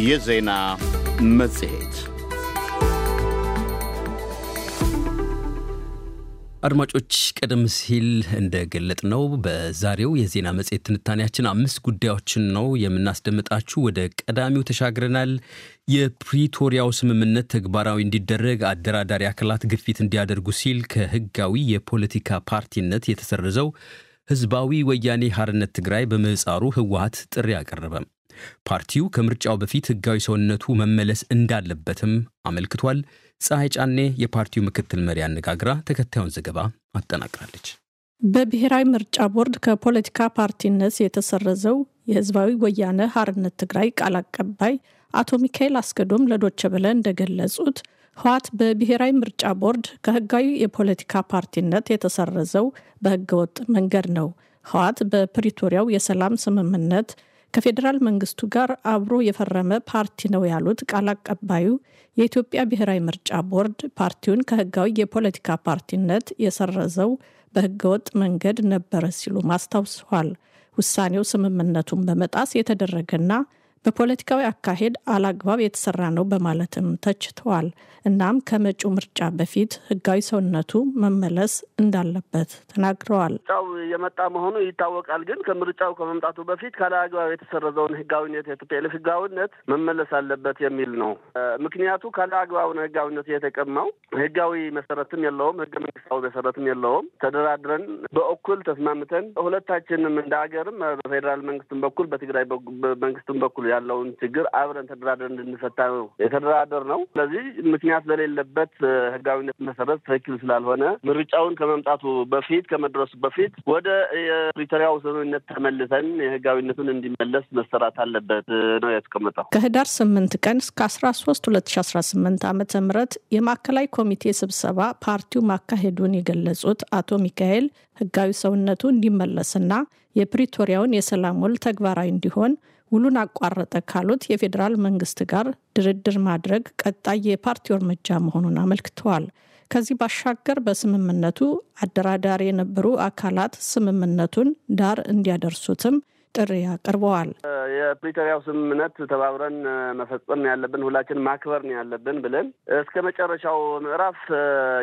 የዜና መጽሔት አድማጮች ቀደም ሲል እንደገለጥ ነው በዛሬው የዜና መጽሔት ትንታኔያችን አምስት ጉዳዮችን ነው የምናስደምጣችሁ። ወደ ቀዳሚው ተሻግረናል። የፕሪቶሪያው ስምምነት ተግባራዊ እንዲደረግ አደራዳሪ አካላት ግፊት እንዲያደርጉ ሲል ከህጋዊ የፖለቲካ ፓርቲነት የተሰረዘው ህዝባዊ ወያኔ ሀርነት ትግራይ በምህፃሩ ህወሀት ጥሪ አቀረበም ፓርቲው ከምርጫው በፊት ህጋዊ ሰውነቱ መመለስ እንዳለበትም አመልክቷል። ፀሐይ ጫኔ የፓርቲው ምክትል መሪ አነጋግራ ተከታዩን ዘገባ አጠናቅራለች። በብሔራዊ ምርጫ ቦርድ ከፖለቲካ ፓርቲነት የተሰረዘው የህዝባዊ ወያነ ሀርነት ትግራይ ቃል አቀባይ አቶ ሚካኤል አስገዶም ለዶቸ በለ እንደገለጹት ህወሓት በብሔራዊ ምርጫ ቦርድ ከህጋዊ የፖለቲካ ፓርቲነት የተሰረዘው በህገወጥ መንገድ ነው። ህወሓት በፕሪቶሪያው የሰላም ስምምነት ከፌዴራል መንግስቱ ጋር አብሮ የፈረመ ፓርቲ ነው ያሉት ቃል አቀባዩ የኢትዮጵያ ብሔራዊ ምርጫ ቦርድ ፓርቲውን ከህጋዊ የፖለቲካ ፓርቲነት የሰረዘው በህገወጥ መንገድ ነበረ ሲሉ ማስታውሰዋል። ውሳኔው ስምምነቱን በመጣስ የተደረገና በፖለቲካዊ አካሄድ አላግባብ የተሰራ ነው በማለትም ተችተዋል። እናም ከመጪው ምርጫ በፊት ህጋዊ ሰውነቱ መመለስ እንዳለበት ተናግረዋል። ምርጫው የመጣ መሆኑ ይታወቃል። ግን ከምርጫው ከመምጣቱ በፊት ካለአግባብ የተሰረዘውን ህጋዊነት የቲፒኤልኤፍ ህጋዊነት መመለስ አለበት የሚል ነው። ምክንያቱ ካለአግባብ ነው ህጋዊነት የተቀማው። ህጋዊ መሰረትም የለውም፣ ህገ መንግስታዊ መሰረትም የለውም። ተደራድረን በእኩል ተስማምተን ሁለታችንም እንደ ሀገርም በፌዴራል መንግስትም በኩል በትግራይ መንግስትም በኩል ያለውን ችግር አብረን ተደራደር እንድንፈታ ነው የተደራደር ነው። ስለዚህ ምክንያት በሌለበት ህጋዊነት መሰረት ትክክል ስላልሆነ ምርጫውን ከመምጣቱ በፊት ከመድረሱ በፊት ወደ የፕሪቶሪያው ስምምነት ተመልሰን የህጋዊነቱን እንዲመለስ መሰራት አለበት ነው የተቀመጠው ከህዳር ስምንት ቀን እስከ አስራ ሶስት ሁለት ሺ አስራ ስምንት ዓመተ ምህረት የማዕከላዊ ኮሚቴ ስብሰባ ፓርቲው ማካሄዱን የገለጹት አቶ ሚካኤል ህጋዊ ሰውነቱ እንዲመለስና የፕሪቶሪያውን የሰላም ውል ተግባራዊ እንዲሆን ውሉን አቋረጠ ካሉት የፌዴራል መንግስት ጋር ድርድር ማድረግ ቀጣይ የፓርቲው እርምጃ መሆኑን አመልክተዋል። ከዚህ ባሻገር በስምምነቱ አደራዳሪ የነበሩ አካላት ስምምነቱን ዳር እንዲያደርሱትም ጥሪ አቅርበዋል። የፕሪቶሪያው ስምምነት ተባብረን መፈጸም ያለብን ሁላችን ማክበር ነው ያለብን ብለን እስከ መጨረሻው ምዕራፍ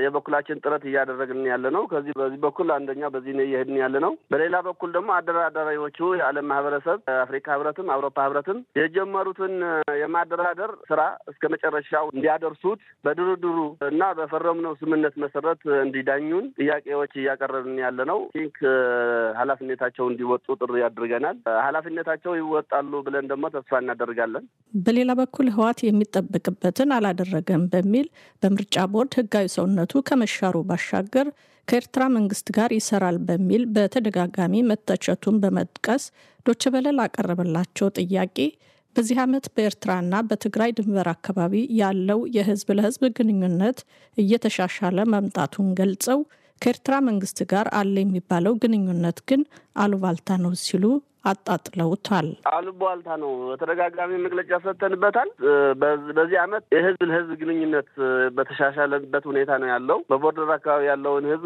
የበኩላችን ጥረት እያደረግን ያለ ነው። ከዚህ በዚህ በኩል አንደኛ በዚህ እየሄድን ያለ ነው። በሌላ በኩል ደግሞ አደራዳሪዎቹ የዓለም ማህበረሰብ፣ አፍሪካ ህብረትም አውሮፓ ህብረትም የጀመሩትን የማደራደር ስራ እስከ መጨረሻው እንዲያደርሱት በድርድሩ እና በፈረምነው ስምምነት መሰረት እንዲዳኙን ጥያቄዎች እያቀረብን ያለ ነው። ቲንክ ኃላፊነታቸው እንዲወጡ ጥሪ አድርገናል። ኃላፊነታቸው ይወጣሉ ብለን ደግሞ ተስፋ እናደርጋለን። በሌላ በኩል ህወሓት የሚጠበቅበትን አላደረገም በሚል በምርጫ ቦርድ ህጋዊ ሰውነቱ ከመሻሩ ባሻገር ከኤርትራ መንግስት ጋር ይሰራል በሚል በተደጋጋሚ መተቸቱን በመጥቀስ ዶችበለል ላቀረበላቸው ጥያቄ በዚህ ዓመት በኤርትራና በትግራይ ድንበር አካባቢ ያለው የህዝብ ለህዝብ ግንኙነት እየተሻሻለ መምጣቱን ገልጸው ከኤርትራ መንግስት ጋር አለ የሚባለው ግንኙነት ግን አሉባልታ ነው ሲሉ አጣጥለውታል። አሉባልታ ነው። በተደጋጋሚ መግለጫ ሰጥተንበታል። በዚህ ዓመት የህዝብ ለህዝብ ግንኙነት በተሻሻለበት ሁኔታ ነው ያለው። በቦርደር አካባቢ ያለውን ህዝብ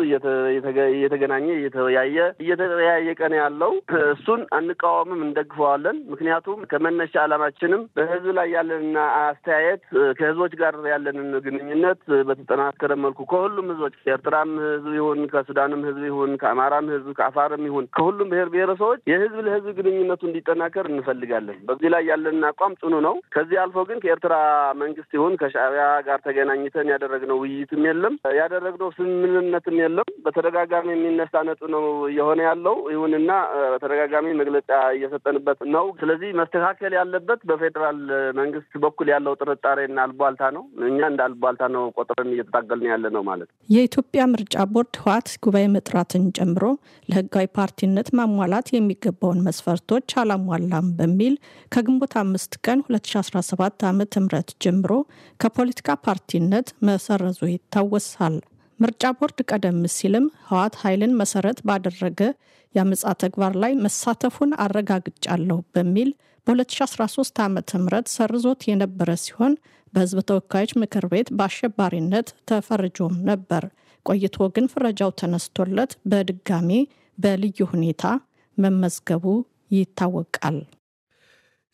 እየተገናኘ እየተወያየ እየተጠያየቀ ነው ያለው። እሱን አንቃወምም፣ እንደግፈዋለን። ምክንያቱም ከመነሻ አላማችንም በህዝብ ላይ ያለንና አስተያየት ከህዝቦች ጋር ያለንን ግንኙነት በተጠናከረ መልኩ ከሁሉም ህዝቦች ከኤርትራም ህዝብ ይሁን ከሱዳንም ህዝብ ይሁን ከአማራም ህዝብ ከአፋርም ይሁን ከሁሉም ብሔር ብሔረሰቦች የህዝብ ለህዝብ ግንኙነቱ እንዲጠናከር እንፈልጋለን። በዚህ ላይ ያለን አቋም ጽኑ ነው። ከዚህ አልፎ ግን ከኤርትራ መንግስት ይሁን ከሻዕቢያ ጋር ተገናኝተን ያደረግነው ውይይትም የለም፣ ያደረግነው ስምምነትም የለም። በተደጋጋሚ የሚነሳ ነጥብ ነው እየሆነ ያለው። ይሁንና በተደጋጋሚ መግለጫ እየሰጠንበት ነው። ስለዚህ መስተካከል ያለበት በፌዴራል መንግስት በኩል ያለው ጥርጣሬና አልቧልታ ነው። እኛ እንደ አልቧልታ ነው ቆጥረን እየተታገልን ያለ ነው ማለት ነው። የኢትዮጵያ ምርጫ ቦርድ ህወሓት ጉባኤ መጥራትን ጨምሮ ለህጋዊ ፓርቲነት ማሟላት የሚገባውን መስፈርቶች አላሟላም በሚል ከግንቦት አምስት ቀን 2017 ዓ ም ጀምሮ ከፖለቲካ ፓርቲነት መሰረዙ ይታወሳል። ምርጫ ቦርድ ቀደም ሲልም ህወሓት ኃይልን መሰረት ባደረገ የአመፃ ተግባር ላይ መሳተፉን አረጋግጫለሁ በሚል በ2013 ዓ ም ሰርዞት የነበረ ሲሆን በህዝብ ተወካዮች ምክር ቤት በአሸባሪነት ተፈርጆም ነበር። ቆይቶ ግን ፍረጃው ተነስቶለት በድጋሜ በልዩ ሁኔታ መመዝገቡ ይታወቃል።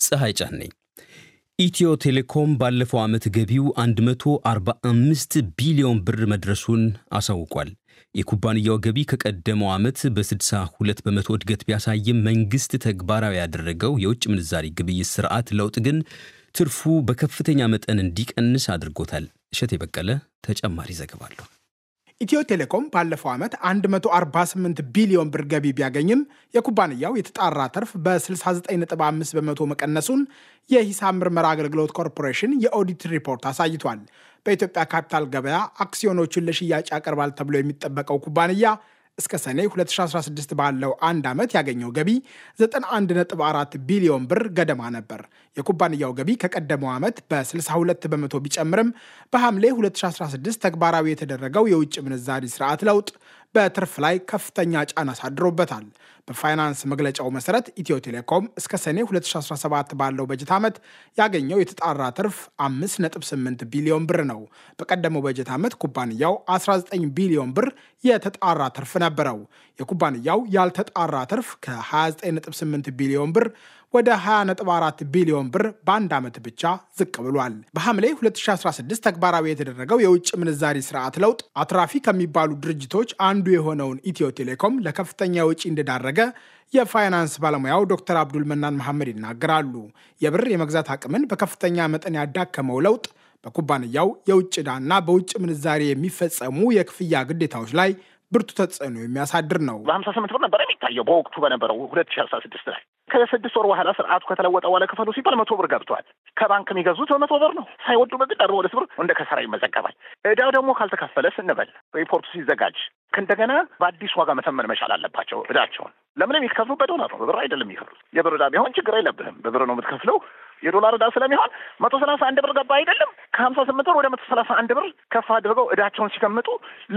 ፀሐይ ጫኔ ኢትዮ ቴሌኮም ባለፈው ዓመት ገቢው 145 ቢሊዮን ብር መድረሱን አሳውቋል። የኩባንያው ገቢ ከቀደመው ዓመት በ62 በመቶ እድገት ቢያሳይም መንግሥት ተግባራዊ ያደረገው የውጭ ምንዛሪ ግብይት ስርዓት ለውጥ ግን ትርፉ በከፍተኛ መጠን እንዲቀንስ አድርጎታል። እሸት የበቀለ ተጨማሪ ዘገባ ኢትዮ ቴሌኮም ባለፈው ዓመት 148 ቢሊዮን ብር ገቢ ቢያገኝም የኩባንያው የተጣራ ተርፍ በ69.5 በመቶ መቀነሱን የሂሳብ ምርመራ አገልግሎት ኮርፖሬሽን የኦዲት ሪፖርት አሳይቷል። በኢትዮጵያ ካፒታል ገበያ አክሲዮኖቹን ለሽያጭ ያቀርባል ተብሎ የሚጠበቀው ኩባንያ እስከ ሰኔ 2016 ባለው አንድ ዓመት ያገኘው ገቢ 91.4 ቢሊዮን ብር ገደማ ነበር። የኩባንያው ገቢ ከቀደመው ዓመት በ62 በመቶ ቢጨምርም በሐምሌ 2016 ተግባራዊ የተደረገው የውጭ ምንዛሪ ስርዓት ለውጥ በትርፍ ላይ ከፍተኛ ጫና አሳድሮበታል። በፋይናንስ መግለጫው መሰረት ኢትዮ ቴሌኮም እስከ ሰኔ 2017 ባለው በጀት ዓመት ያገኘው የተጣራ ትርፍ 5.8 ቢሊዮን ብር ነው። በቀደመው በጀት ዓመት ኩባንያው 19 ቢሊዮን ብር የተጣራ ትርፍ ነበረው። የኩባንያው ያልተጣራ ትርፍ ከ29.8 ቢሊዮን ብር ወደ 24 ቢሊዮን ብር በአንድ ዓመት ብቻ ዝቅ ብሏል። በሐምሌ 2016 ተግባራዊ የተደረገው የውጭ ምንዛሪ ስርዓት ለውጥ አትራፊ ከሚባሉ ድርጅቶች አንዱ የሆነውን ኢትዮ ቴሌኮም ለከፍተኛ ውጪ እንደዳረገ የፋይናንስ ባለሙያው ዶክተር አብዱል መናን መሐመድ ይናገራሉ። የብር የመግዛት አቅምን በከፍተኛ መጠን ያዳከመው ለውጥ በኩባንያው የውጭ ዕዳና በውጭ ምንዛሪ የሚፈጸሙ የክፍያ ግዴታዎች ላይ ብርቱ ተጽዕኖ የሚያሳድር ነው። በሀምሳ ስምንት ብር ነበር የሚታየው በወቅቱ በነበረው ሁለት ሺ አስራ ስድስት ላይ ከስድስት ወር በኋላ ስርዓቱ ከተለወጠ በኋላ ክፈሉ ሲባል መቶ ብር ገብቷል። ከባንክ የሚገዙት በመቶ ብር ነው። ሳይወዱ በግድ አርባ ሁለት ብር እንደ ከሰራ ይመዘገባል። እዳው ደግሞ ካልተከፈለ ስንበል ሪፖርቱ ሲዘጋጅ እንደገና በአዲስ ዋጋ መተመን መቻል አለባቸው እዳቸውን። ለምንም ይከፍሉ በዶላር ነው፣ በብር አይደለም የሚከፍሉት። የብር ዕዳ ቢሆን ችግር የለብህም፣ በብር ነው የምትከፍለው። የዶላር እዳ ስለሚሆን መቶ ሰላሳ አንድ ብር ገባ አይደለም ከሀምሳ ስምንት ብር ወደ መቶ ሰላሳ አንድ ብር ከፍ አድርገው እዳቸውን ሲገምጡ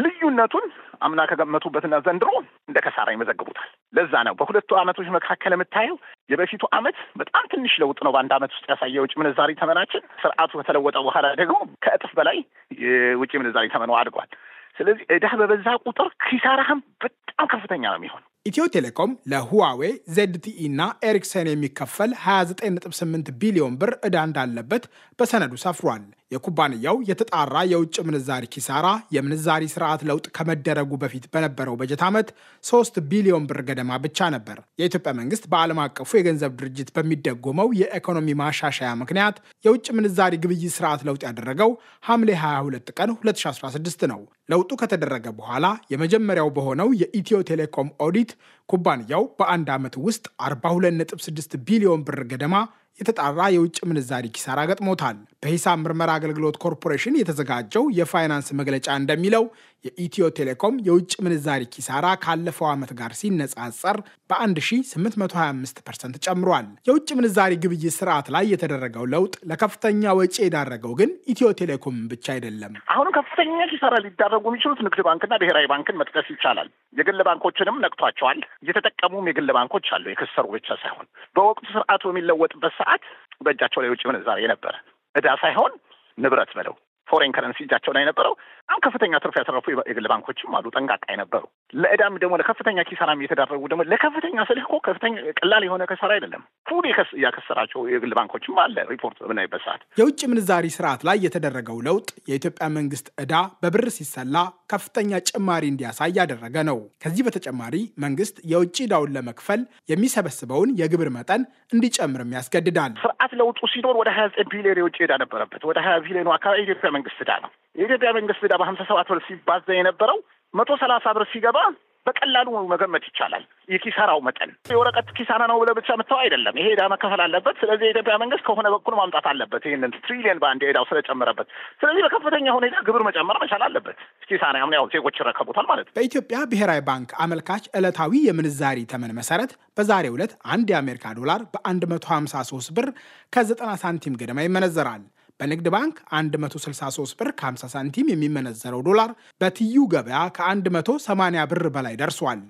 ልዩነቱን አምና ከገመቱበትና ዘንድሮ እንደ ከሳራ ይመዘግቡታል። ለዛ ነው በሁለቱ ዓመቶች መካከል የምታየው የበፊቱ ዓመት በጣም ትንሽ ለውጥ ነው በአንድ አመት ውስጥ ያሳየ የውጭ ምንዛሪ ተመናችን ስርዓቱ ከተለወጠ በኋላ ደግሞ ከእጥፍ በላይ የውጭ ምንዛሪ ተመኑ አድጓል። ስለዚህ እዳህ በበዛ ቁጥር ኪሳራህም በጣም ከፍተኛ ነው የሚሆን ኢትዮ ቴሌኮም ለሁዋዌ ዜድቲኢ እና ኤሪክሰን የሚከፈል 298 ቢሊዮን ብር ዕዳ እንዳለበት በሰነዱ ሰፍሯል። የኩባንያው የተጣራ የውጭ ምንዛሪ ኪሳራ የምንዛሪ ስርዓት ለውጥ ከመደረጉ በፊት በነበረው በጀት ዓመት 3 ቢሊዮን ብር ገደማ ብቻ ነበር። የኢትዮጵያ መንግስት በዓለም አቀፉ የገንዘብ ድርጅት በሚደጎመው የኢኮኖሚ ማሻሻያ ምክንያት የውጭ ምንዛሪ ግብይት ስርዓት ለውጥ ያደረገው ሐምሌ 22 ቀን 2016 ነው። ለውጡ ከተደረገ በኋላ የመጀመሪያው በሆነው የኢትዮ ቴሌኮም ኦዲት ኩባንያው በአንድ ዓመት ውስጥ 426 ቢሊዮን ብር ገደማ የተጣራ የውጭ ምንዛሪ ኪሳራ ገጥሞታል። በሂሳብ ምርመራ አገልግሎት ኮርፖሬሽን የተዘጋጀው የፋይናንስ መግለጫ እንደሚለው የኢትዮ ቴሌኮም የውጭ ምንዛሪ ኪሳራ ካለፈው ዓመት ጋር ሲነጻጸር በ1825 ፐርሰንት ጨምሯል። የውጭ ምንዛሪ ግብይት ስርዓት ላይ የተደረገው ለውጥ ለከፍተኛ ወጪ የዳረገው ግን ኢትዮ ቴሌኮም ብቻ አይደለም። አሁንም ከፍተኛ ኪሳራ ሊዳረጉ የሚችሉት ንግድ ባንክና ብሔራዊ ባንክን መጥቀስ ይቻላል። የግል ባንኮችንም ነቅቷቸዋል። እየተጠቀሙም የግል ባንኮች አሉ፣ የከሰሩ ብቻ ሳይሆን በወቅቱ ስርዓቱ የሚለወጥበት ሰዓት በእጃቸው ላይ ውጭ ምንዛሬ የነበረ እዳ ሳይሆን ንብረት በለው ፎሬን ከረንሲ እጃቸው ላይ የነበረው በጣም ከፍተኛ ትርፍ ያተረፉ የግል ባንኮችም አሉ፣ ጠንቃቃ የነበሩ ለእዳም ደግሞ ለከፍተኛ ኪሳራም እየተዳረጉ ደግሞ ለከፍተኛ ስልህ እኮ ከፍተኛ ቀላል የሆነ ከሰራ አይደለም ፉድ እያከሰራቸው የግል ባንኮችም አለ። ሪፖርት በምናይበት ሰዓት የውጭ ምንዛሪ ስርዓት ላይ የተደረገው ለውጥ የኢትዮጵያ መንግስት እዳ በብር ሲሰላ ከፍተኛ ጭማሪ እንዲያሳይ ያደረገ ነው። ከዚህ በተጨማሪ መንግስት የውጭ ዕዳውን ለመክፈል የሚሰበስበውን የግብር መጠን እንዲጨምርም ያስገድዳል። ስርዓት ለውጡ ሲኖር ወደ ሀያ ዘጠኝ ቢሊዮን የውጭ ዕዳ ነበረበት። ወደ ሀያ ቢሊዮኑ አካባቢ የኢትዮጵያ መንግስት ዕዳ ነው። የኢትዮጵያ መንግስት ዕዳ በሀምሳ ሰባት ብር ሲባዛ የነበረው መቶ ሰላሳ ብር ሲገባ በቀላሉ መገመት ይቻላል። የኪሳራው መጠን የወረቀት ኪሳራ ነው ብለህ ብቻ የምትተው አይደለም። ይሄ ዕዳ መከፈል አለበት። ስለዚህ የኢትዮጵያ መንግስት ከሆነ በኩል ማምጣት አለበት፣ ይህንን ትሪሊየን በአንድ ዕዳው ስለጨመረበት። ስለዚህ በከፍተኛ ሁኔታ ግብር መጨመር መቻል አለበት። ኪሳራ ያም ያው ዜጎች ይረከቡታል ማለት ነው። በኢትዮጵያ ብሔራዊ ባንክ አመልካች ዕለታዊ የምንዛሪ ተመን መሰረት በዛሬው ዕለት አንድ የአሜሪካ ዶላር በ153 ብር ከ90 ሳንቲም ገደማ ይመነዘራል። በንግድ ባንክ 163 ብር ከ50 ሳንቲም የሚመነዘረው ዶላር በትዩ ገበያ ከ180 ብር በላይ ደርሷል።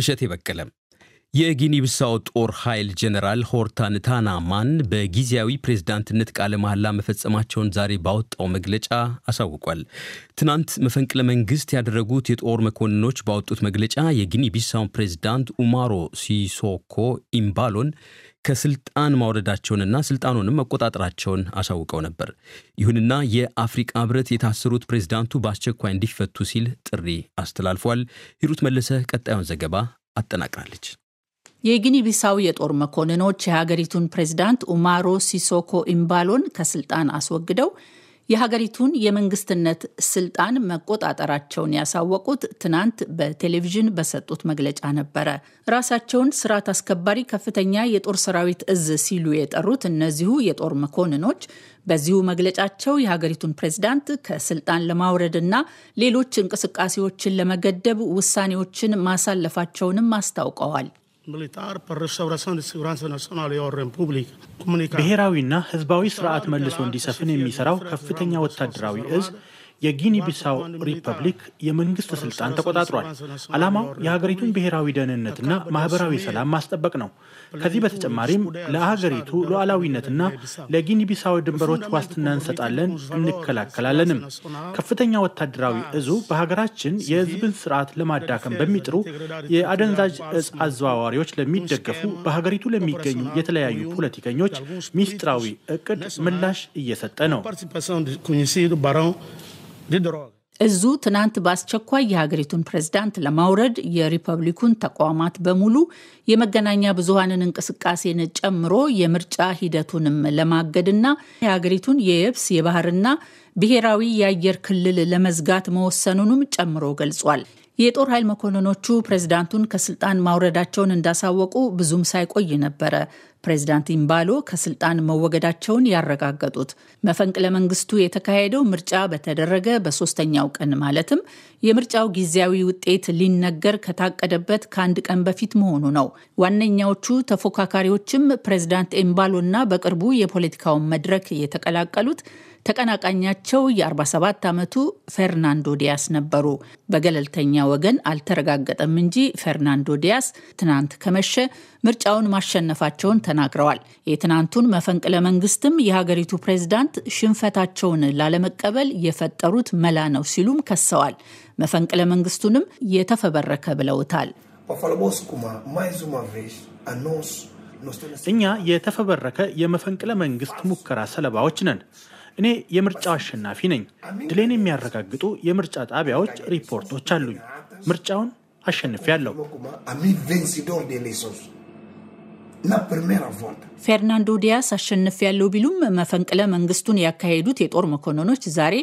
እሸቴ በቀለ የጊኒ ብሳው ጦር ኃይል ጀነራል ሆርታን ታናማን በጊዜያዊ ፕሬዝዳንትነት ቃለ መሐላ መፈጸማቸውን ዛሬ ባወጣው መግለጫ አሳውቋል። ትናንት መፈንቅለ መንግስት ያደረጉት የጦር መኮንኖች ባወጡት መግለጫ የጊኒ ቢሳውን ፕሬዝዳንት ኡማሮ ሲሶኮ ኢምባሎን ከስልጣን ማውረዳቸውንና ስልጣኑንም መቆጣጠራቸውን አሳውቀው ነበር። ይሁንና የአፍሪቃ ህብረት የታሰሩት ፕሬዝዳንቱ በአስቸኳይ እንዲፈቱ ሲል ጥሪ አስተላልፏል። ሂሩት መለሰ ቀጣዩን ዘገባ አጠናቅራለች። የጊኒ ቢሳው የጦር መኮንኖች የሀገሪቱን ፕሬዝዳንት ኡማሮ ሲሶኮ ኢምባሎን ከስልጣን አስወግደው የሀገሪቱን የመንግስትነት ስልጣን መቆጣጠራቸውን ያሳወቁት ትናንት በቴሌቪዥን በሰጡት መግለጫ ነበረ። ራሳቸውን ስርዓት አስከባሪ ከፍተኛ የጦር ሰራዊት እዝ ሲሉ የጠሩት እነዚሁ የጦር መኮንኖች በዚሁ መግለጫቸው የሀገሪቱን ፕሬዝዳንት ከስልጣን ለማውረድና ሌሎች እንቅስቃሴዎችን ለመገደብ ውሳኔዎችን ማሳለፋቸውንም አስታውቀዋል። militar por restauración de seguridad nacional y orden público ብሔራዊና ህዝባዊ ስርዓት መልሶ እንዲሰፍን የሚሰራው ከፍተኛ ወታደራዊ እዝ የጊኒ ቢሳው ሪፐብሊክ የመንግስት ስልጣን ተቆጣጥሯል። ዓላማው የሀገሪቱን ብሔራዊ ደህንነትና ማህበራዊ ሰላም ማስጠበቅ ነው። ከዚህ በተጨማሪም ለሀገሪቱ ሉዓላዊነትና ለጊኒ ቢሳው ድንበሮች ዋስትና እንሰጣለን፣ እንከላከላለንም። ከፍተኛ ወታደራዊ እዙ በሀገራችን የህዝብን ስርዓት ለማዳከም በሚጥሩ የአደንዛዥ እጽ አዘዋዋሪዎች ለሚደገፉ በሀገሪቱ ለሚገኙ የተለያዩ ፖለቲከኞች ሚስጥራዊ እቅድ ምላሽ እየሰጠ ነው። እዙ ትናንት በአስቸኳይ የሀገሪቱን ፕሬዝዳንት ለማውረድ የሪፐብሊኩን ተቋማት በሙሉ የመገናኛ ብዙሀንን እንቅስቃሴን ጨምሮ የምርጫ ሂደቱንም ለማገድና የሀገሪቱን የየብስ የባህርና ብሔራዊ የአየር ክልል ለመዝጋት መወሰኑንም ጨምሮ ገልጿል። የጦር ኃይል መኮንኖቹ ፕሬዝዳንቱን ከስልጣን ማውረዳቸውን እንዳሳወቁ ብዙም ሳይቆይ ነበረ ፕሬዝዳንት ኢምባሎ ከስልጣን መወገዳቸውን ያረጋገጡት። መፈንቅለ መንግስቱ የተካሄደው ምርጫ በተደረገ በሶስተኛው ቀን ማለትም የምርጫው ጊዜያዊ ውጤት ሊነገር ከታቀደበት ከአንድ ቀን በፊት መሆኑ ነው። ዋነኛዎቹ ተፎካካሪዎችም ፕሬዝዳንት እና በቅርቡ የፖለቲካውን መድረክ የተቀላቀሉት ተቀናቃኛቸው የ47 ዓመቱ ፌርናንዶ ዲያስ ነበሩ። በገለልተኛ ወገን አልተረጋገጠም እንጂ ፌርናንዶ ዲያስ ትናንት ከመሸ ምርጫውን ማሸነፋቸውን ተናግረዋል። የትናንቱን መፈንቅለ መንግስትም የሀገሪቱ ፕሬዝዳንት ሽንፈታቸውን ላለመቀበል የፈጠሩት መላ ነው ሲሉም ከሰዋል። መፈንቅለ መንግስቱንም የተፈበረከ ብለውታል። እኛ የተፈበረከ የመፈንቅለ መንግስት ሙከራ ሰለባዎች ነን። እኔ የምርጫ አሸናፊ ነኝ። ድሌን የሚያረጋግጡ የምርጫ ጣቢያዎች ሪፖርቶች አሉኝ። ምርጫውን ያለው ፌርናንዶ ዲያስ ያለው ቢሉም መፈንቅለ መንግስቱን ያካሄዱት የጦር መኮንኖች ዛሬ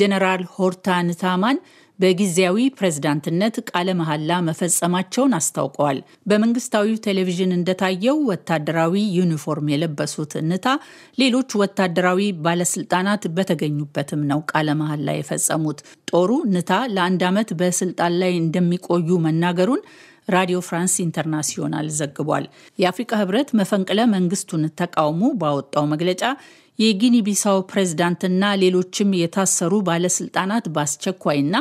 ጀነራል ሆርታ ንታማን በጊዜያዊ ፕሬዝዳንትነት ቃለ መሐላ መፈጸማቸውን አስታውቀዋል። በመንግስታዊ ቴሌቪዥን እንደታየው ወታደራዊ ዩኒፎርም የለበሱት ንታ ሌሎች ወታደራዊ ባለስልጣናት በተገኙበትም ነው ቃለ መሐላ የፈጸሙት። ጦሩ ንታ ለአንድ ዓመት በስልጣን ላይ እንደሚቆዩ መናገሩን ራዲዮ ፍራንስ ኢንተርናሲዮናል ዘግቧል። የአፍሪካ ህብረት መፈንቅለ መንግስቱን ተቃውሞ ባወጣው መግለጫ የጊኒ ቢሳው ፕሬዝዳንትና ሌሎችም የታሰሩ ባለስልጣናት በአስቸኳይና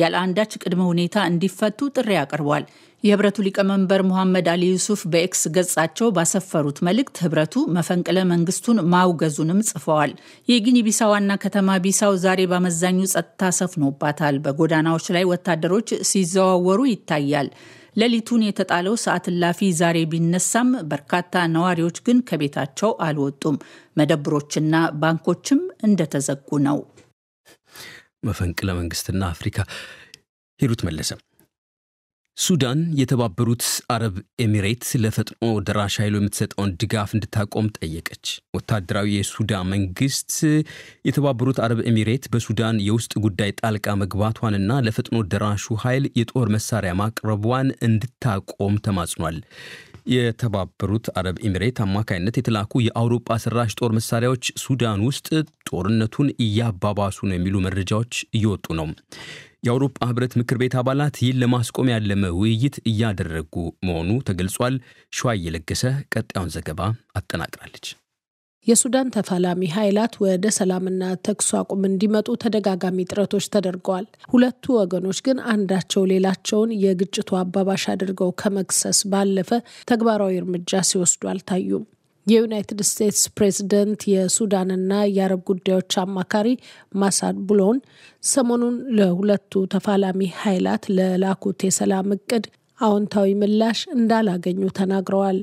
ያለ አንዳች ቅድመ ሁኔታ እንዲፈቱ ጥሪ አቅርቧል። የህብረቱ ሊቀመንበር መሐመድ አሊ ዩሱፍ በኤክስ ገጻቸው ባሰፈሩት መልእክት ህብረቱ መፈንቅለ መንግስቱን ማውገዙንም ጽፈዋል። የጊኒ ቢሳ ዋና ከተማ ቢሳው ዛሬ በአመዛኙ ጸጥታ ሰፍኖባታል። በጎዳናዎች ላይ ወታደሮች ሲዘዋወሩ ይታያል። ሌሊቱን የተጣለው ሰዓት እላፊ ዛሬ ቢነሳም በርካታ ነዋሪዎች ግን ከቤታቸው አልወጡም። መደብሮችና ባንኮችም እንደተዘጉ ነው። መፈንቅለ መንግስትና አፍሪካ ሂሩት መለሰም ሱዳን የተባበሩት አረብ ኤሚሬት ለፈጥኖ ደራሽ ኃይሉ የምትሰጠውን ድጋፍ እንድታቆም ጠየቀች። ወታደራዊ የሱዳን መንግስት የተባበሩት አረብ ኤሚሬት በሱዳን የውስጥ ጉዳይ ጣልቃ መግባቷንና ለፈጥኖ ደራሹ ኃይል የጦር መሳሪያ ማቅረቧን እንድታቆም ተማጽኗል። የተባበሩት አረብ ኤሚሬት አማካይነት የተላኩ የአውሮፓ ሰራሽ ጦር መሳሪያዎች ሱዳን ውስጥ ጦርነቱን እያባባሱ ነው የሚሉ መረጃዎች እየወጡ ነው። የአውሮፓ ህብረት ምክር ቤት አባላት ይህን ለማስቆም ያለመ ውይይት እያደረጉ መሆኑ ተገልጿል። ሸዋ እየለገሰ ቀጣዩን ዘገባ አጠናቅራለች። የሱዳን ተፋላሚ ኃይላት ወደ ሰላምና ተኩስ አቁም እንዲመጡ ተደጋጋሚ ጥረቶች ተደርገዋል። ሁለቱ ወገኖች ግን አንዳቸው ሌላቸውን የግጭቱ አባባሽ አድርገው ከመክሰስ ባለፈ ተግባራዊ እርምጃ ሲወስዱ አልታዩም። የዩናይትድ ስቴትስ ፕሬዚደንት የሱዳንና የአረብ ጉዳዮች አማካሪ ማሳድ ቡሎን ሰሞኑን ለሁለቱ ተፋላሚ ኃይላት ለላኩት የሰላም እቅድ አዎንታዊ ምላሽ እንዳላገኙ ተናግረዋል።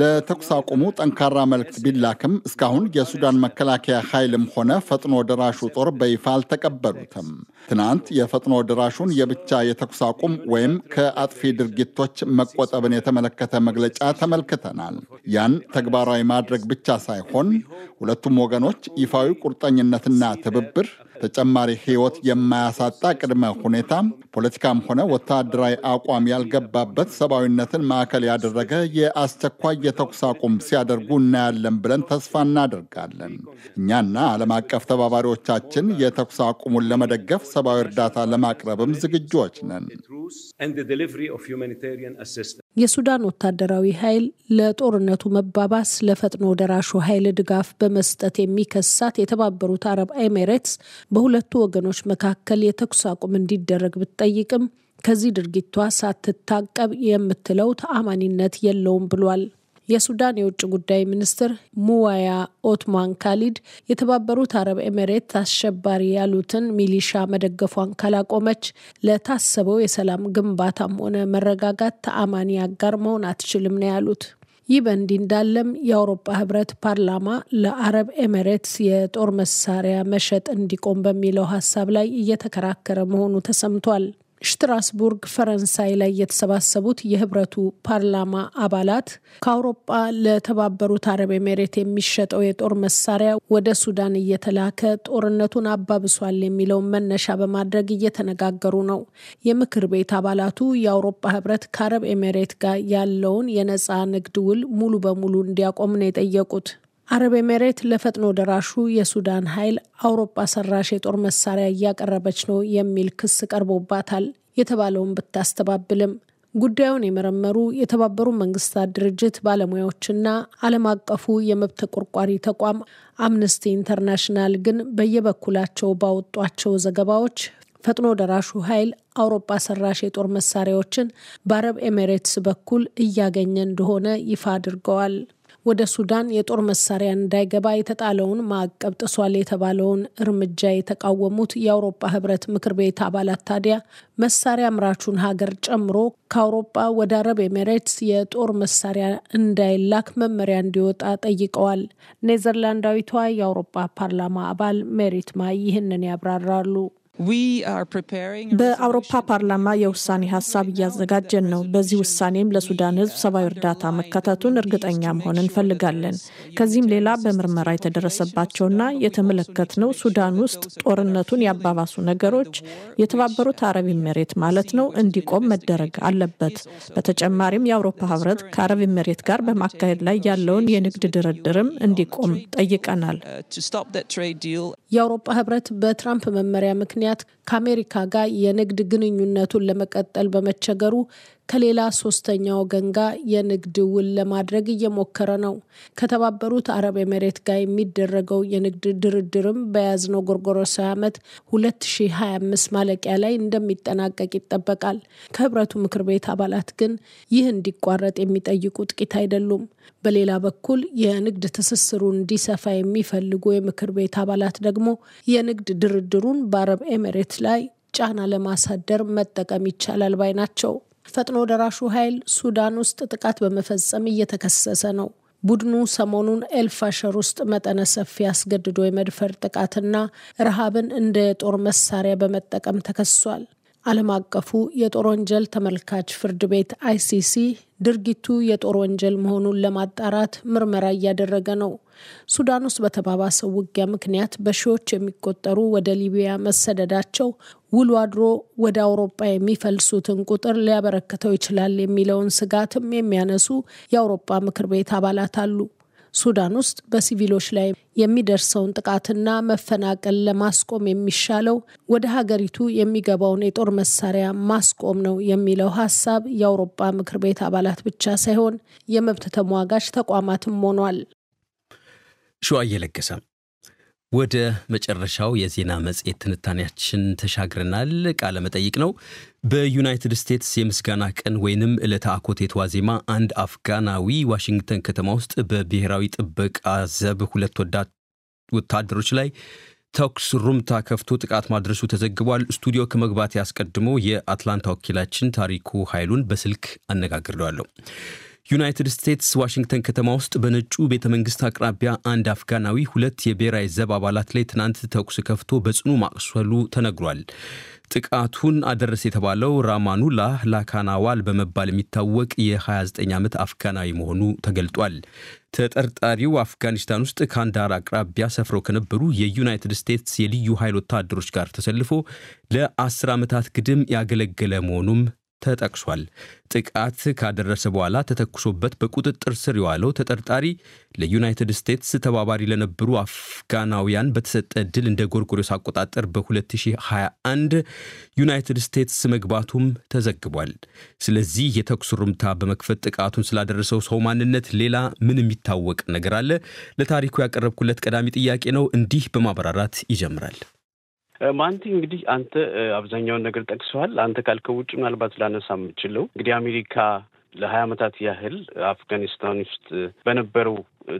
ለተኩስ አቁሙ ጠንካራ መልእክት ቢላክም እስካሁን የሱዳን መከላከያ ኃይልም ሆነ ፈጥኖ ደራሹ ጦር በይፋ አልተቀበሉትም። ትናንት የፈጥኖ ደራሹን የብቻ የተኩስ አቁም ወይም ከአጥፊ ድርጊቶች መቆጠብን የተመለከተ መግለጫ ተመልክተናል። ያን ተግባራዊ ማድረግ ብቻ ሳይሆን ሁለቱም ወገኖች ይፋዊ ቁርጠኝነትና ትብብር ተጨማሪ ሕይወት የማያሳጣ ቅድመ ሁኔታ ፖለቲካም ሆነ ወታደራዊ አቋም ያልገባበት ሰብአዊነትን ማዕከል ያደረገ የአስቸኳይ የተኩስ አቁም ሲያደርጉ እናያለን ብለን ተስፋ እናደርጋለን። እኛና ዓለም አቀፍ ተባባሪዎቻችን የተኩስ አቁሙን ለመደገፍ ሰብአዊ እርዳታ ለማቅረብም ዝግጆች ነን። የሱዳን ወታደራዊ ኃይል ለጦርነቱ መባባስ ለፈጥኖ ደራሹ ኃይል ድጋፍ በመስጠት የሚከሳት የተባበሩት አረብ ኤሚሬትስ በሁለቱ ወገኖች መካከል የተኩስ አቁም እንዲደረግ ብትጠይቅም ከዚህ ድርጊቷ ሳትታቀብ የምትለው ተአማኒነት የለውም ብሏል። የሱዳን የውጭ ጉዳይ ሚኒስትር ሙዋያ ኦትማን ካሊድ የተባበሩት አረብ ኤሜሬት አሸባሪ ያሉትን ሚሊሻ መደገፏን ካላቆመች ለታሰበው የሰላም ግንባታም ሆነ መረጋጋት ተአማኒ አጋር መሆን አትችልም ነው ያሉት። ይህ በእንዲህ እንዳለም የአውሮፓ ህብረት ፓርላማ ለአረብ ኤሜሬትስ የጦር መሳሪያ መሸጥ እንዲቆም በሚለው ሀሳብ ላይ እየተከራከረ መሆኑ ተሰምቷል። ሽትራስቡርግ ፈረንሳይ ላይ የተሰባሰቡት የህብረቱ ፓርላማ አባላት ከአውሮጳ ለተባበሩት አረብ ኤሜሬት የሚሸጠው የጦር መሳሪያ ወደ ሱዳን እየተላከ ጦርነቱን አባብሷል የሚለውን መነሻ በማድረግ እየተነጋገሩ ነው። የምክር ቤት አባላቱ የአውሮጳ ህብረት ከአረብ ኤሜሬት ጋር ያለውን የነፃ ንግድ ውል ሙሉ በሙሉ እንዲያቆም ነው የጠየቁት። አረብ ኤሜሬት ለፈጥኖ ደራሹ የሱዳን ኃይል አውሮፓ ሰራሽ የጦር መሳሪያ እያቀረበች ነው የሚል ክስ ቀርቦባታል የተባለውን ብታስተባብልም ጉዳዩን የመረመሩ የተባበሩ መንግስታት ድርጅት ባለሙያዎችና ዓለም አቀፉ የመብት ተቆርቋሪ ተቋም አምነስቲ ኢንተርናሽናል ግን በየበኩላቸው ባወጧቸው ዘገባዎች ፈጥኖ ደራሹ ኃይል አውሮፓ ሰራሽ የጦር መሳሪያዎችን በአረብ ኤሜሬትስ በኩል እያገኘ እንደሆነ ይፋ አድርገዋል። ወደ ሱዳን የጦር መሳሪያ እንዳይገባ የተጣለውን ማዕቀብ ጥሷል የተባለውን እርምጃ የተቃወሙት የአውሮፓ ህብረት ምክር ቤት አባላት ታዲያ መሳሪያ አምራቹን ሀገር ጨምሮ ከአውሮፓ ወደ አረብ ኤሜሬትስ የጦር መሳሪያ እንዳይላክ መመሪያ እንዲወጣ ጠይቀዋል። ኔዘርላንዳዊቷ የአውሮፓ ፓርላማ አባል ሜሪትማ ይህንን ያብራራሉ። በአውሮፓ ፓርላማ የውሳኔ ሀሳብ እያዘጋጀን ነው። በዚህ ውሳኔም ለሱዳን ሕዝብ ሰብአዊ እርዳታ መካተቱን እርግጠኛ መሆን እንፈልጋለን። ከዚህም ሌላ በምርመራ የተደረሰባቸውና የተመለከትነው ሱዳን ውስጥ ጦርነቱን ያባባሱ ነገሮች የተባበሩት አረብ መሬት ማለት ነው እንዲቆም መደረግ አለበት። በተጨማሪም የአውሮፓ ሕብረት ከአረብ መሬት ጋር በማካሄድ ላይ ያለውን የንግድ ድርድርም እንዲቆም ጠይቀናል። uh, የአውሮፓ ሕብረት በትራምፕ መመሪያ ምክንያት ምክንያት ከአሜሪካ ጋር የንግድ ግንኙነቱን ለመቀጠል በመቸገሩ ከሌላ ሶስተኛ ወገን ጋር የንግድ ውል ለማድረግ እየሞከረ ነው። ከተባበሩት አረብ ኤሜሬት ጋር የሚደረገው የንግድ ድርድርም በያዝነው ጎርጎሮሳዊ ዓመት 2025 ማለቂያ ላይ እንደሚጠናቀቅ ይጠበቃል። ከህብረቱ ምክር ቤት አባላት ግን ይህ እንዲቋረጥ የሚጠይቁ ጥቂት አይደሉም። በሌላ በኩል የንግድ ትስስሩን እንዲሰፋ የሚፈልጉ የምክር ቤት አባላት ደግሞ የንግድ ድርድሩን በአረብ ኤሜሬት ላይ ጫና ለማሳደር መጠቀም ይቻላል ባይ ናቸው። ፈጥኖ ደራሹ ኃይል ሱዳን ውስጥ ጥቃት በመፈጸም እየተከሰሰ ነው። ቡድኑ ሰሞኑን ኤልፋሸር ውስጥ መጠነ ሰፊ አስገድዶ የመድፈር ጥቃትና ረሃብን እንደ የጦር መሳሪያ በመጠቀም ተከሷል። ዓለም አቀፉ የጦር ወንጀል ተመልካች ፍርድ ቤት አይሲሲ ድርጊቱ የጦር ወንጀል መሆኑን ለማጣራት ምርመራ እያደረገ ነው። ሱዳን ውስጥ በተባባሰው ውጊያ ምክንያት በሺዎች የሚቆጠሩ ወደ ሊቢያ መሰደዳቸው ውሎ አድሮ ወደ አውሮፓ የሚፈልሱትን ቁጥር ሊያበረክተው ይችላል የሚለውን ስጋትም የሚያነሱ የአውሮፓ ምክር ቤት አባላት አሉ። ሱዳን ውስጥ በሲቪሎች ላይ የሚደርሰውን ጥቃትና መፈናቀል ለማስቆም የሚሻለው ወደ ሀገሪቱ የሚገባውን የጦር መሳሪያ ማስቆም ነው የሚለው ሀሳብ የአውሮፓ ምክር ቤት አባላት ብቻ ሳይሆን የመብት ተሟጋች ተቋማትም ሆኗል። ሸዋ እየለገሰ ወደ መጨረሻው የዜና መጽሔት ትንታኔያችን ተሻግረናል። ቃለ መጠይቅ ነው። በዩናይትድ ስቴትስ የምስጋና ቀን ወይንም ዕለተ አኮቴት ዋዜማ አንድ አፍጋናዊ ዋሽንግተን ከተማ ውስጥ በብሔራዊ ጥበቃ ዘብ ሁለት ወታደሮች ላይ ተኩስ ሩምታ ከፍቶ ጥቃት ማድረሱ ተዘግቧል። ስቱዲዮ ከመግባት ያስቀድሞ የአትላንታ ወኪላችን ታሪኩ ኃይሉን በስልክ አነጋግሬዋለሁ። ዩናይትድ ስቴትስ ዋሽንግተን ከተማ ውስጥ በነጩ ቤተ መንግስት አቅራቢያ አንድ አፍጋናዊ ሁለት የብሔራዊ ዘብ አባላት ላይ ትናንት ተኩስ ከፍቶ በጽኑ ማቅሰሉ ተነግሯል። ጥቃቱን አደረስ የተባለው ራማኑላ ላካናዋል በመባል የሚታወቅ የ29 ዓመት አፍጋናዊ መሆኑ ተገልጧል። ተጠርጣሪው አፍጋኒስታን ውስጥ ካንዳር አቅራቢያ ሰፍረው ከነበሩ የዩናይትድ ስቴትስ የልዩ ኃይል ወታደሮች ጋር ተሰልፎ ለ10 ዓመታት ግድም ያገለገለ መሆኑም ተጠቅሷል። ጥቃት ካደረሰ በኋላ ተተኩሶበት በቁጥጥር ስር የዋለው ተጠርጣሪ ለዩናይትድ ስቴትስ ተባባሪ ለነበሩ አፍጋናውያን በተሰጠ ድል እንደ ጎርጎሮስ አቆጣጠር በ2021 ዩናይትድ ስቴትስ መግባቱም ተዘግቧል። ስለዚህ የተኩስ ሩምታ በመክፈት ጥቃቱን ስላደረሰው ሰው ማንነት ሌላ ምን የሚታወቅ ነገር አለ? ለታሪኩ ያቀረብኩለት ቀዳሚ ጥያቄ ነው። እንዲህ በማብራራት ይጀምራል። ማንቲ እንግዲህ አንተ አብዛኛውን ነገር ጠቅሰዋል። አንተ ካልከው ውጭ ምናልባት ላነሳ የምችለው እንግዲህ አሜሪካ ለሀያ ዓመታት ያህል አፍጋኒስታን ውስጥ በነበረው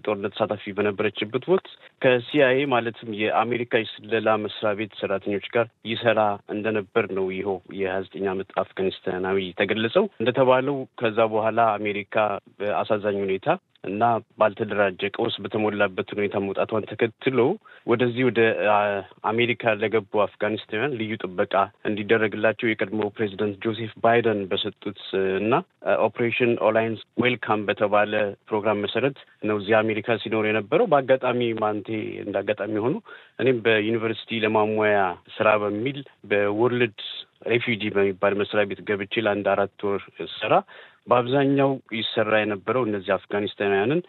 ጦርነት ተሳታፊ በነበረችበት ወቅት ከሲአይኤ ማለትም የአሜሪካ የስለላ መስሪያ ቤት ሰራተኞች ጋር ይሰራ እንደነበር ነው ይኸው የሀያ ዘጠኝ ዓመት አፍጋኒስታናዊ ተገለጸው። እንደተባለው ከዛ በኋላ አሜሪካ በአሳዛኝ ሁኔታ እና ባልተደራጀ ቀውስ በተሞላበት ሁኔታ መውጣቷን ተከትሎ ወደዚህ ወደ አሜሪካ ለገቡ አፍጋኒስታውያን ልዩ ጥበቃ እንዲደረግላቸው የቀድሞ ፕሬዚደንት ጆሴፍ ባይደን በሰጡት እና ኦፕሬሽን ኦላይንስ ዌልካም በተባለ ፕሮግራም መሰረት ነው እዚያ አሜሪካ ሲኖር የነበረው በአጋጣሚ ማንቴ እንደ አጋጣሚ ሆኖ እኔም በዩኒቨርሲቲ ለማሟያ ስራ በሚል በወርልድ ሬፊጂ በሚባል መስሪያ ቤት ገብቼ ለአንድ አራት ወር ስራ በአብዛኛው ይሰራ የነበረው እነዚህ አፍጋኒስታናውያንን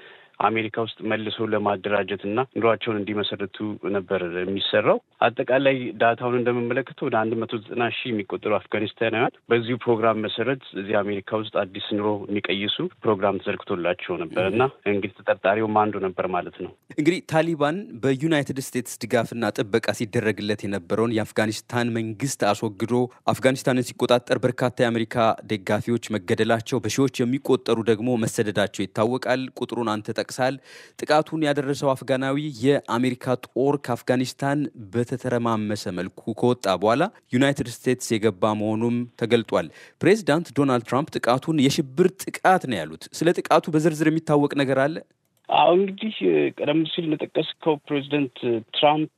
አሜሪካ ውስጥ መልሶ ለማደራጀት እና ኑሯቸውን እንዲመሰርቱ ነበር የሚሰራው። አጠቃላይ ዳታውን እንደምመለከተው ወደ አንድ መቶ ዘጠና ሺህ የሚቆጠሩ አፍጋኒስታናውያን በዚሁ ፕሮግራም መሰረት እዚህ አሜሪካ ውስጥ አዲስ ኑሮ የሚቀይሱ ፕሮግራም ተዘርግቶላቸው ነበር እና እንግዲህ ተጠርጣሪውም አንዱ ነበር ማለት ነው። እንግዲህ ታሊባን በዩናይትድ ስቴትስ ድጋፍና ጥበቃ ሲደረግለት የነበረውን የአፍጋኒስታን መንግስት አስወግዶ አፍጋኒስታንን ሲቆጣጠር በርካታ የአሜሪካ ደጋፊዎች መገደላቸው፣ በሺዎች የሚቆጠሩ ደግሞ መሰደዳቸው ይታወቃል። ቁጥሩን አንተ ይጠቅሳል። ጥቃቱን ያደረሰው አፍጋናዊ የአሜሪካ ጦር ከአፍጋኒስታን በተተረማመሰ መልኩ ከወጣ በኋላ ዩናይትድ ስቴትስ የገባ መሆኑም ተገልጧል። ፕሬዚዳንት ዶናልድ ትራምፕ ጥቃቱን የሽብር ጥቃት ነው ያሉት። ስለ ጥቃቱ በዝርዝር የሚታወቅ ነገር አለ? አሁ እንግዲህ ቀደም ሲል ለጠቀስከው ፕሬዚደንት ትራምፕ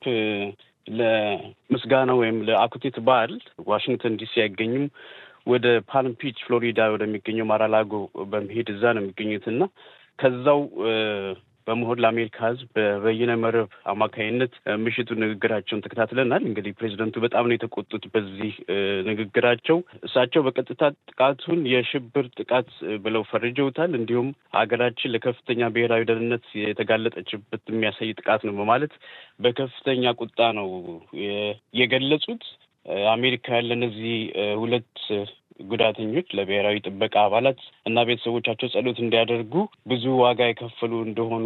ለምስጋና ወይም ለአኩቴት በዓል ዋሽንግተን ዲሲ አይገኙም። ወደ ፓልም ፍሎሪዳ ወደሚገኘው ማራላጎ በመሄድ እዛ ነው የሚገኙት እና ከዛው በመሆን ለአሜሪካ ህዝብ በበይነ መረብ አማካኝነት ምሽቱ ንግግራቸውን ተከታትለናል። እንግዲህ ፕሬዚደንቱ በጣም ነው የተቆጡት በዚህ ንግግራቸው። እሳቸው በቀጥታ ጥቃቱን የሽብር ጥቃት ብለው ፈርጀውታል። እንዲሁም ሀገራችን ለከፍተኛ ብሔራዊ ደህንነት የተጋለጠችበት የሚያሳይ ጥቃት ነው በማለት በከፍተኛ ቁጣ ነው የገለጹት። አሜሪካ እነዚህ ሁለት ጉዳተኞች ለብሔራዊ ጥበቃ አባላት እና ቤተሰቦቻቸው ጸሎት እንዲያደርጉ ብዙ ዋጋ የከፈሉ እንደሆኑ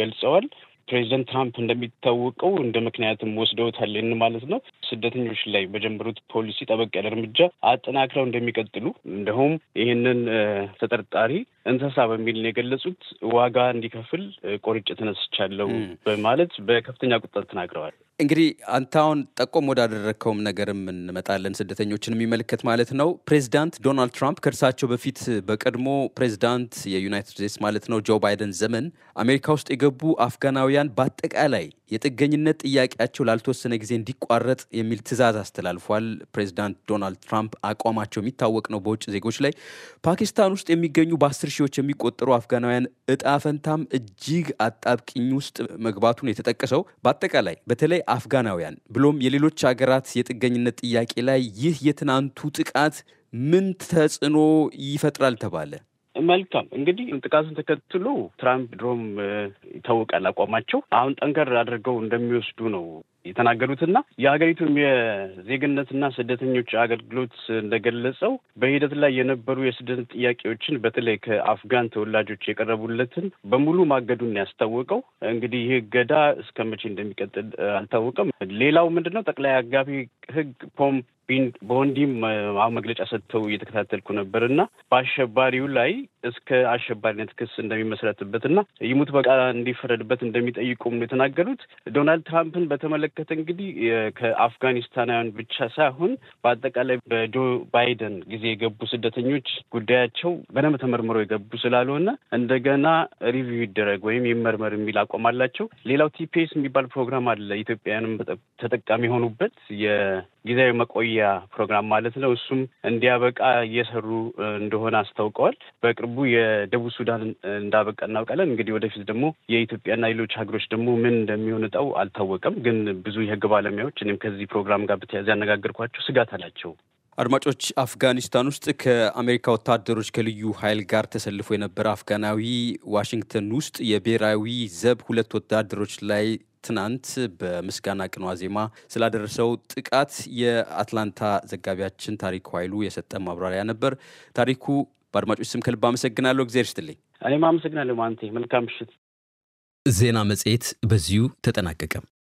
ገልጸዋል። ፕሬዚደንት ትራምፕ እንደሚታወቀው እንደ ምክንያትም ወስደውታል። ይህን ማለት ነው ስደተኞች ላይ በጀመሩት ፖሊሲ ጠበቅ ያለ እርምጃ አጠናክረው እንደሚቀጥሉ እንደውም ይህንን ተጠርጣሪ እንስሳ በሚል ነው የገለጹት ዋጋ እንዲከፍል ቆርጬ ተነስቻለሁ በማለት በከፍተኛ ቁጣ ተናግረዋል። እንግዲህ አንተ አሁን ጠቆም ወዳደረግከውም ነገርም እንመጣለን፣ ስደተኞችን የሚመለከት ማለት ነው። ፕሬዚዳንት ዶናልድ ትራምፕ ከእርሳቸው በፊት በቀድሞ ፕሬዚዳንት የዩናይትድ ስቴትስ ማለት ነው ጆ ባይደን ዘመን አሜሪካ ውስጥ የገቡ አፍጋናውያን በአጠቃላይ የጥገኝነት ጥያቄያቸው ላልተወሰነ ጊዜ እንዲቋረጥ የሚል ትዕዛዝ አስተላልፏል። ፕሬዚዳንት ዶናልድ ትራምፕ አቋማቸው የሚታወቅ ነው። በውጭ ዜጎች ላይ ፓኪስታን ውስጥ የሚገኙ በአስር ሺዎች የሚቆጠሩ አፍጋናውያን እጣ ፈንታም እጅግ አጣብቂኝ ውስጥ መግባቱን የተጠቀሰው በአጠቃላይ በተለይ አፍጋናውያን ብሎም የሌሎች ሀገራት የጥገኝነት ጥያቄ ላይ ይህ የትናንቱ ጥቃት ምን ተጽዕኖ ይፈጥራል ተባለ? መልካም እንግዲህ ጥቃቱን ተከትሎ ትራምፕ ድሮም ይታወቃል አቋማቸው አሁን ጠንከር አድርገው እንደሚወስዱ ነው የተናገሩትና የሀገሪቱም የዜግነትና ስደተኞች አገልግሎት እንደገለጸው በሂደት ላይ የነበሩ የስደት ጥያቄዎችን በተለይ ከአፍጋን ተወላጆች የቀረቡለትን በሙሉ ማገዱን ያስታወቀው። እንግዲህ ይህ እገዳ እስከ መቼ እንደሚቀጥል አልታወቀም። ሌላው ምንድን ነው ጠቅላይ አጋቢ ህግ ፖም ቢን በወንዲም አሁን መግለጫ ሰጥተው እየተከታተልኩ ነበር እና በአሸባሪው ላይ እስከ አሸባሪነት ክስ እንደሚመስረትበትና ይሙት በቃ እንዲፈረድበት እንደሚጠይቁም የተናገሩት። ዶናልድ ትራምፕን በተመለከተ እንግዲህ ከአፍጋኒስታናውያን ብቻ ሳይሆን በአጠቃላይ በጆ ባይደን ጊዜ የገቡ ስደተኞች ጉዳያቸው በደንብ ተመርምሮ የገቡ ስላልሆነ እንደገና ሪቪው ይደረግ ወይም ይመርመር የሚል አቋም አላቸው። ሌላው ቲፒኤስ የሚባል ፕሮግራም አለ ኢትዮጵያውያንም ተጠቃሚ የሆኑበት የጊዜያዊ መቆያ ፕሮግራም ማለት ነው። እሱም እንዲያበቃ እየሰሩ እንደሆነ አስታውቀዋል። በቅርቡ ግቡ የደቡብ ሱዳን እንዳበቃ እናውቃለን። እንግዲህ ወደፊት ደግሞ የኢትዮጵያና ሌሎች ሀገሮች ደግሞ ምን እንደሚሆንጠው አልታወቀም። ግን ብዙ የህግ ባለሙያዎች እኔም ከዚህ ፕሮግራም ጋር በተያያዘ ያነጋገርኳቸው ስጋት አላቸው። አድማጮች፣ አፍጋኒስታን ውስጥ ከአሜሪካ ወታደሮች ከልዩ ኃይል ጋር ተሰልፎ የነበረ አፍጋናዊ ዋሽንግተን ውስጥ የብሔራዊ ዘብ ሁለት ወታደሮች ላይ ትናንት በምስጋና ቀን ዋዜማ ስላደረሰው ጥቃት የአትላንታ ዘጋቢያችን ታሪኩ ኃይሉ የሰጠ ማብራሪያ ነበር። ታሪኩ በአድማጮች ስም ከልብ አመሰግናለሁ። እግዚአብሔር ይስጥልኝ። እኔም አመሰግናለሁ። ማንቴ መልካም ምሽት። ዜና መጽሔት በዚሁ ተጠናቀቀም።